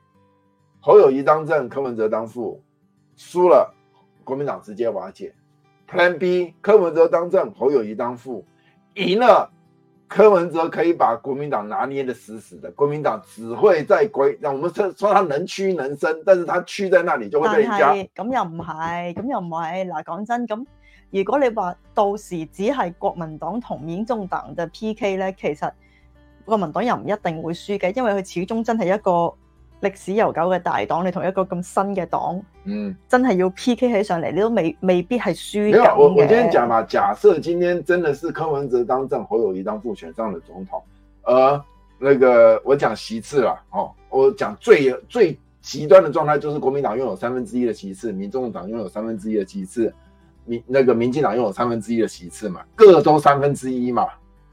侯友宜當正，柯文哲當副，輸了，國民黨直接瓦解。Plan B，柯文哲當正，侯友宜當副，贏了。柯文哲可以把國民黨拿捏得死死的，國民黨只會在歸，我們說說他能屈能伸，但是他屈在那裡就會被人家壓。咁又唔係，咁又唔係，嗱、啊、講真，咁如果你話到時只係國民黨同民眾黨嘅 P K 咧，其實國民黨又唔一定會輸嘅，因為佢始終真係一個。歷史悠久嘅大黨，你同一個咁新嘅黨，嗯，真係要 PK 起上嚟，你都未未必係輸、啊、我我今天講嘛，假設今天真的是柯文哲當政，侯友宜當副選上的總統，而、呃、那個我講席次啦，哦，我講最最極端嘅狀態就是國民黨擁有三分之一嘅席次，民眾黨擁有三分之一嘅席次，民那個民進黨擁有三分之一嘅席次嘛，各都三分之一嘛，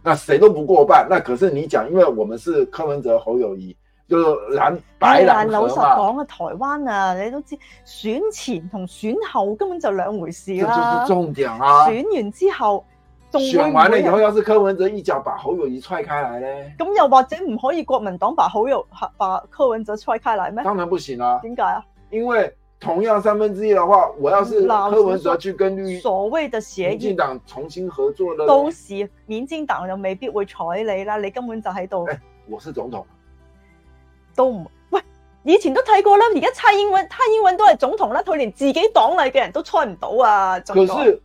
那誰都不過半，那可是你講，因為我們是柯文哲侯友宜。就捻、是、擺、哎、老實講啊，台灣啊，你都知選前同選後根本就兩回事啦，就是重點、啊。選完之後會會，選完了以後，要是柯文哲一腳把侯友宜踹開來咧，咁又或者唔可以國民黨把侯友把柯文哲踹開來咩？當然不行啦、啊，點解啊？因為同樣三分之一嘅話，我要是柯文哲去跟綠所謂的協議黨重新合作都是民進黨又未必會睬你啦，你根本就喺度。誒、哎，我是總統。都唔喂，以前都睇過啦，而家蔡英文，蔡英文都係總統啦，佢連自己黨裡嘅人都猜唔到啊！可是，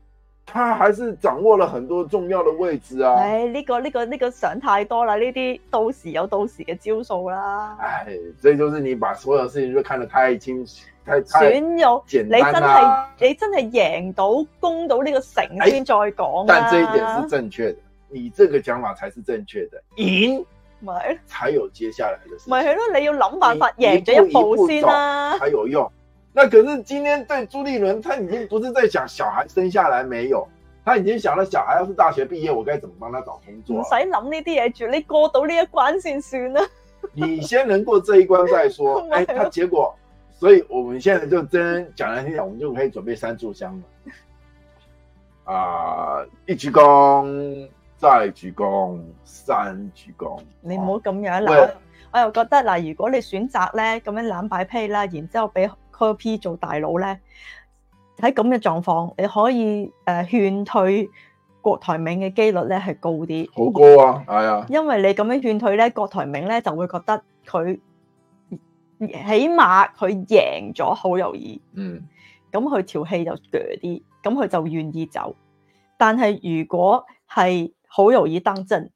他還是掌握了很多重要的位置啊！唉、哎，呢、這個呢、這個呢、這個想太多啦，呢啲到時有到時嘅招數啦。唉，所以就是你把所有事情就看得太清，太，太簡單、啊、選咗你真係你真係贏到攻到呢個城先再講、啊哎、但係這一點是正確的、啊，你這個講法才是正確的，贏。咪，才有接下來的事情。係咯，你要諗辦法贏咗一步先啦，啊，一步一步才有用。那可是今天對朱立倫，他已經不是在講小孩生下來沒有，他已經想到小孩要是大學畢業，我該怎麼幫他找工作。唔使諗呢啲嘢住，你過到呢一關先算啦，啊。你先能過這一關再說。 哎，他結果， 所以我們現在就真講嚟聽下，我們就可以準備三炷香了啊，uh, 一鞠躬。揸住光，生住光。啊、你唔好咁樣攬、啊，我又覺得嗱，如果你選擇咧咁樣攬擺批啦，然之後俾柯 P 做大佬咧，喺咁嘅狀況，你可以誒勸退郭台銘嘅機率咧係高啲，好高啊，係啊，因為你咁樣勸退咧，郭台銘咧就會覺得佢起碼佢贏咗好容易，嗯，咁佢條氣就鋸啲，咁佢就願意走。但係如果係好容易當真，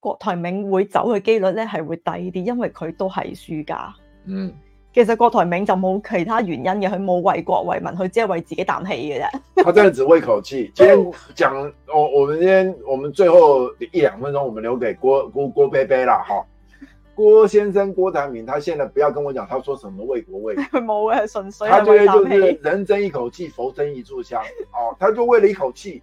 郭台銘會走嘅幾率咧係會低啲，因為佢都係輸家。嗯，其實郭台銘就冇其他原因嘅，佢冇為國為民，佢只係為自己啖氣嘅啫。 佢真係只為口氣。今天講我、哦，我們今天我們最後一兩分鐘，我們留給郭郭郭伯伯啦，哈、哦，郭先生郭台銘，他現在不要跟我講，他說什麼為國為民，佢冇嘅，係純粹。他即係就是人爭一口氣， 佛爭一炷香，哦，他就為了一口氣。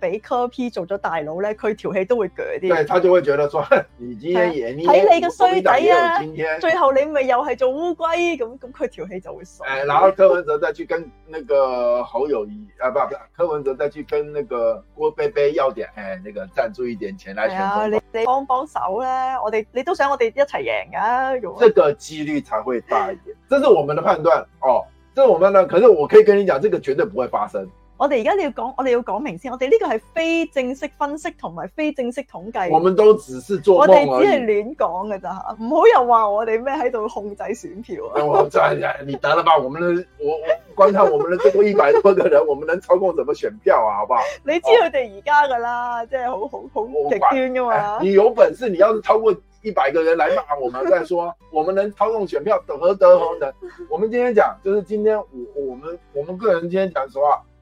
俾柯 P 做咗大佬咧，佢條氣都會鋸啲。對，他就會覺得說，你今天贏、啊、你天也天，睇、啊、你個衰仔啊！最後你咪又係做烏龜咁，咁佢條氣就會衰。誒、哎，然後柯文哲再去跟那個侯友宜，啊，不不，柯文哲再去跟那個郭妃妃要點，誒、哎，那個贊助一點錢來前。係、啊、你你幫幫手啦、啊，我哋你都想我哋一齊贏噶，咁。這個幾率才會大一點， 這是我們的判斷哦，這是我們的可是我可以跟你講，這個絕對不會發生。我哋而家你要講，我哋要講明先。我哋呢個係非正式分析同埋非正式統計。我們都只是做，我哋只係亂講㗎咋，唔好又話我哋咩喺度控制選票啊！我真係你得了吧，我們我我觀看我們超過一百多個人， 我們能操控怎麼選票啊？好不好？你知佢哋而家㗎啦，真係好好好極端㗎嘛！你有本事，你要是超過一百個人來罵我們， 再說，我們能操控選票得和得和 我們今天講，就是今天我我們我們個人今天講話、啊。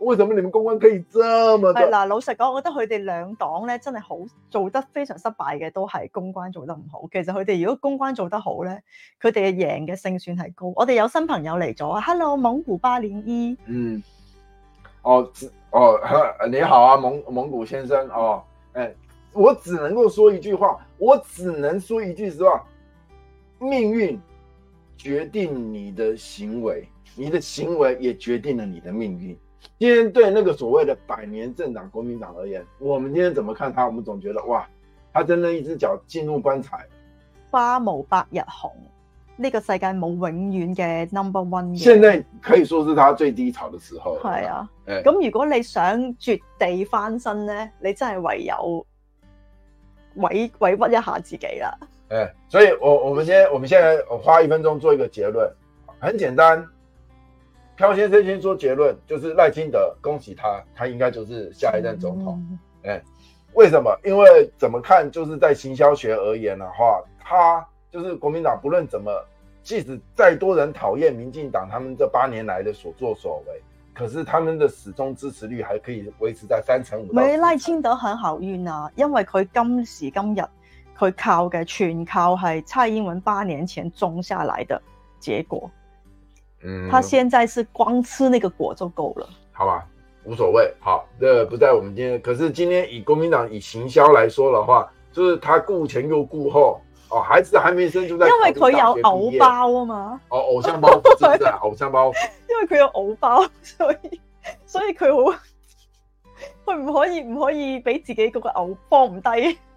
為什麼你們公關可以這麼？係嗱，老實講，我覺得佢哋兩黨咧真係好做得非常失敗嘅，都係公關做得唔好。其實佢哋如果公關做得好咧，佢哋嘅贏嘅勝算係高。我哋有新朋友嚟咗，Hello，蒙古巴連衣。嗯，我、哦、我、哦、你好啊，蒙蒙古先生啊，誒、哦哎，我只能夠說一句話，我只能說一句實話，命運決定你的行為，你的行為也決定了你的命運。今天對那個所謂的百年政黨國民黨而言，我們今天怎麼看他？我們總覺得哇，他真的，一隻腳進入棺材。花無百日紅，呢、這個世界冇永遠嘅 number one。現在可以說是他最低潮的時候。係啊，咁、嗯、如果你想絕地翻身呢，你真係唯有委委屈一下自己啦。誒、嗯，所以我我們先，我們先花一分鐘做一個結論，很簡單。漂先生先說結論，就是賴清德，恭喜他，他應該就是下一任總統。哎、嗯，為什麼？因為怎麼看，就是在行銷學而言的話，他就是國民黨，不論怎麼，即使再多人討厭民進黨他們這八年來的所作所為，可是他們的始終支持率還可以維持在三成五。你賴清德很好運啊，因為佢今時今日佢靠嘅全靠係蔡英文八年前種下來的結果。嗯，他現在是光吃那個果就夠了，好吧，無所謂。好，這不在我們今天。可是今天以國民黨以行銷來說的話，就是他顧前又顧後哦，孩子還沒生出來，因為佢有偶包啊嘛，哦，偶像包畢、啊、 偶像包。因為佢有偶包，所以所以佢好，佢唔可以唔可以俾自己嗰個偶包放唔低。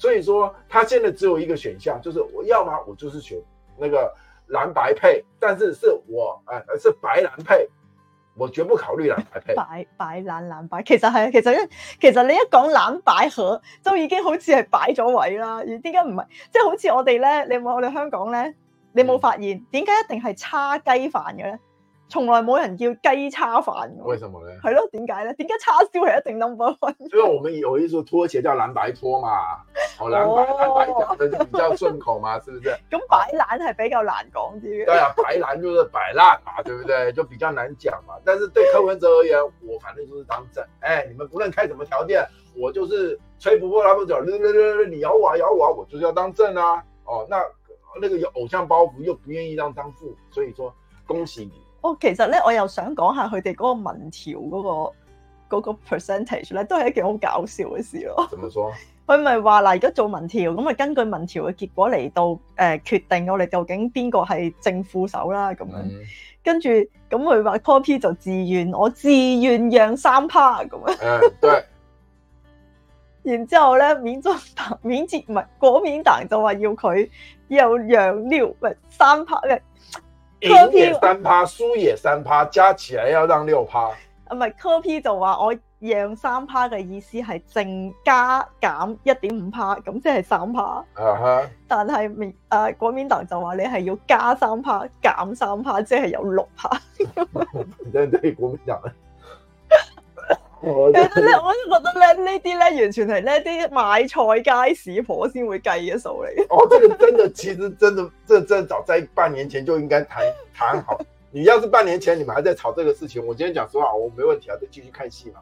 所以說，他現在只有一個選項，就是我要麼我就是選那個藍白配，但是是我誒，是白藍配，我絕不考慮藍白配。白白藍藍白，其實係其實其實你一講藍白合，都已經好似係擺咗位啦。而點解唔係？即係好似我哋咧，你冇我哋香港咧，你冇發現點解一定係叉雞飯嘅咧？從來冇人叫雞叉飯，為什麼呢？係咯，點解呢？點解叉燒係一定 number one？因為我們有一個拖鞋叫藍白拖嘛，好、哦、藍白、oh. 藍白講，是比較順口嘛，是不是？咁、嗯嗯、擺爛係比較難講啲嘅。對啊，擺爛就是擺爛嘛， 對不對？就比較難講嘛。但是對柯文哲而言，我反正就是當正。誒、哎，你們無論開什麼條件，我就是吹不破拉不走。你咬我、啊、咬我、啊，我就是要當正啊！哦，那那個有偶像包袱又不願意讓當副，所以說恭喜你。我、哦、其實咧，我又想講下佢哋嗰個民調嗰、嗰個嗰個 percentage 咧，都係一件好搞笑嘅事咯。怎麼講？佢咪話嗱，而家做民調，咁啊根據民調嘅結果嚟到誒、呃、決定我哋究竟邊個係正副手啦咁樣。Mm-hmm. 跟住咁佢話 copy 就自願，我自願讓三 part 咁樣。Mm-hmm. mm-hmm. 然之後咧，免咗免接唔係嗰免就話要佢又讓尿唔係三 part 咧。贏也三趴，輸也三趴，加起來要讓六趴。唔係，柯 P 就話我讓三趴嘅意思係正加減一點五趴，咁即係三趴。啊、呃、哈！但係明，啊，國民黨就話你係要加三趴，減三趴，即係有六趴。真係國民黨。哦、我覺得咧，呢啲咧完全係咧啲買菜街市婆先會計嘅數嚟。哦，這個真的其實真的真的真真早在半年前就應該談談好。你要是半年前你們還在吵這個事情，我今天講實話，我沒問題啊，就繼續看戲嘛。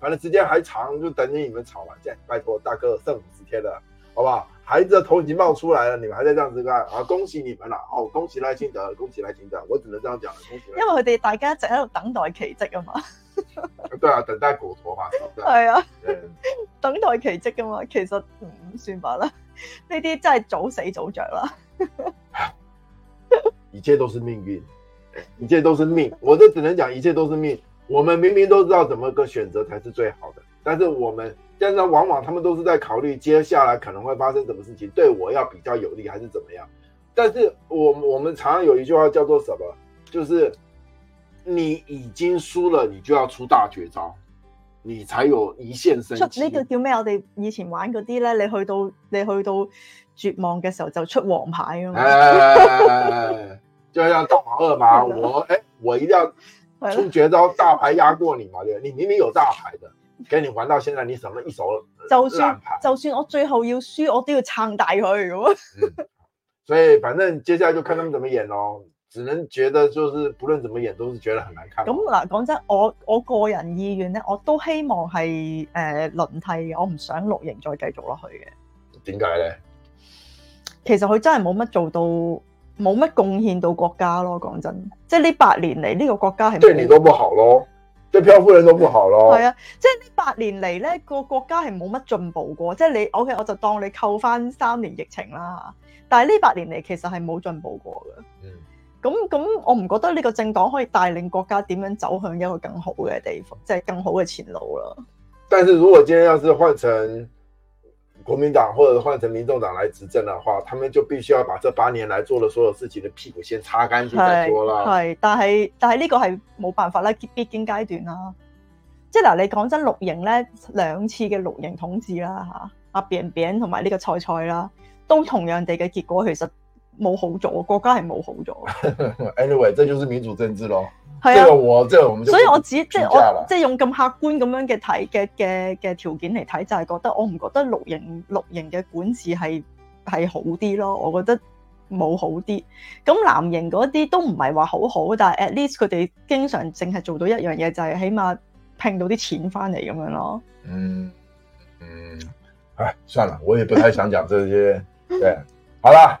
反正時間還長，就等着你們吵嘛。現在拜託大哥剩五十天了，好唔好？孩子的頭已經冒出來了，你們還在這樣子噶？啊，恭喜你們了、哦、恭喜啦，哦，恭喜賴清德，恭喜賴清德，我只能這樣講啦，恭喜。因為佢哋大家一直喺度等待奇蹟啊嘛。對啊，等待果陀嘛，係啊、嗯，等待奇跡噶嘛，其實唔、嗯、算了吧啦，呢啲真係早死早着啦， 一切都是命運，一切都是命，我都只能講一切都是命。我們明明都知道怎麼個選擇才是最好的，但是我們，但係往往他們都是在考慮接下來可能會發生什麼事情對我要比較有利還是怎麼樣。但是我，我們常，常有一句話叫做什麼，就是。你已經輸了，你就要出大絕招，你才有一線生。呢個叫咩？我哋以前玩嗰啲咧，你去到你去到絕望嘅時候就出王牌咁樣、 哎哎哎哎。就要二我誒、欸，我一定要出絕招，大牌壓過你嘛？對你明明有大牌的，跟你玩到現在，你怎麼一手爛牌就算？就算我最後要輸，我都要撐大佢、 嗯。所以反正接下來就看他們怎麼演咯。只能覺得，就是不論怎麼演，都是覺得很難看。咁嗱，講真，我我個人意願咧，我都希望係誒輪替，我唔想綠營再繼續落去嘅。點解咧？其實佢真係冇乜做到，冇乜貢獻到國家咯。講真，即係呢八年嚟呢，這個國家係對你都不好咯，對漂夫人都不好咯。係啊，即係呢八年嚟咧，這個國家係冇乜進步過。即係你，OK，我就當你扣翻三年疫情啦，但係呢八年嚟其實係冇進步過嘅。嗯。咁咁，我唔覺得呢個政黨可以帶領國家點樣走向一個更好嘅地方，即係更好嘅前路啦。但是如果今天要是換成國民黨或者換成民眾黨來執政嘅話，他們就必須要把這八年來做咗所有事情嘅屁股先擦乾淨再說了。係，但係但係呢個係冇辦法啦，必經階段啦。即係嗱，你講真的，綠營咧兩次嘅綠營統治啦，吓阿扁扁同埋呢個蔡蔡啦，都同樣地嘅結果，其實。冇好做，國家係冇好做。 Anyway，這就是民主政治咯。係啊，這個、我，這個、我，所以我只即係我即係用咁客觀咁樣嘅睇嘅嘅嘅條件嚟睇，就係、是、覺得我唔覺得綠營綠營嘅管治係係好啲咯。我覺得冇好啲，咁藍營嗰啲都唔係話好好，但係 at least 佢哋經常淨係做到一樣嘢，就係、是、起碼拼到啲錢翻嚟咁樣咯。嗯嗯，唉，算了，我也不太想講這些。 對，好啦。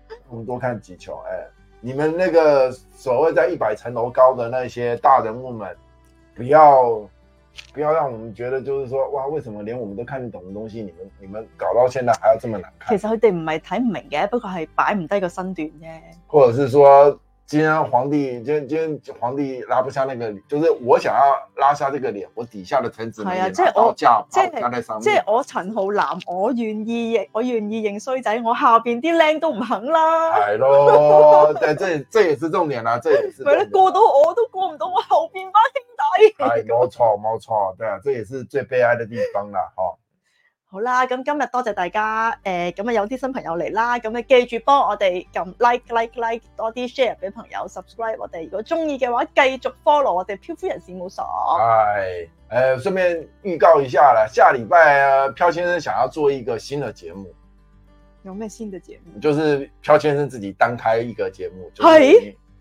我們多看幾球，哎，你們那個所謂在一百層樓高的那些大人物們，不要不要讓我們覺得就是說，哇，為什麼連我們都看得懂的東西，你們你們搞到現在還要這麼難看？其實佢哋唔係睇唔明嘅，不過係擺唔低個身段啫。或者是說。今天皇帝，今今皇帝拉不下那個臉，就是我想要拉下這個臉，我底下的臣子明高、啊、架爬在上面。即係我陳浩南，我願意我願意認衰仔，我下邊啲靚都唔肯啦。係咯，對， 對這這也是重點啦、啊，這也是重點、啊。咪你、啊、過到我都過唔到，我後邊班兄弟。係 冇、哎、錯冇錯，對啊，這也是最悲哀的地方啦、啊，哈、哦。好啦，咁今日多謝大家，誒、呃，咁啊有啲新朋友嚟啦，咁你記住幫我哋撳 like like like 多啲 share 俾朋友，subscribe 我哋，如果中意嘅話繼續 follow 我哋漂夫人事務所，係、哎，誒、呃，順便預告一下啦，下禮拜啊，漂先生想要做一個新的節目，有咩新嘅節目？就是漂先生自己單開一個節目。就係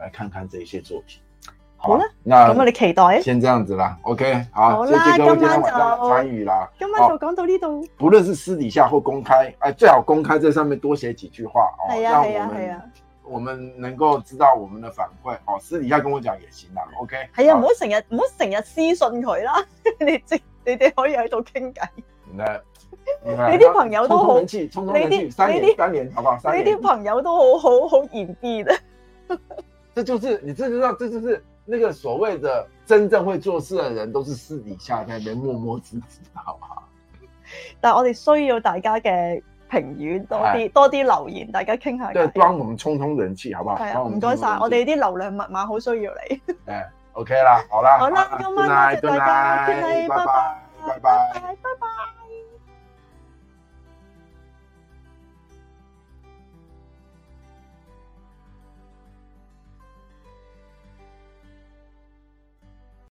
來看看這些作品，好啦，咁我哋期待，啊，先這樣子啦，OK，好，好啦，今，今晚就參與啦，今晚就講到呢度，哦。不論是私底下或公開，誒、哎，最好公開在上面多寫幾句話，哦，啊，我啊，啊。我們能夠知道我們的反饋。哦，私底下跟我講也行啦，OK，係啊，唔好成日唔好成日私信佢啦， 你直你哋可以喺度傾偈。你啲朋友都好，衝衝人氣，好唔好？你啲朋友都好好好隱蔽的。 這就是你知唔知道？這就是那個所謂的真正會做事的人，都是私底下在邊默默支持、哎，好不好？但我哋需要大家嘅評語多啲，多啲留言，大家傾下。即係幫我們充充人氣，好不好？係啊，唔該晒，我哋啲流量密碼好需要你。誒、哎、，OK 啦，啦，好啦，好啦，今晚多謝大家，拜拜，拜拜，拜拜，拜拜。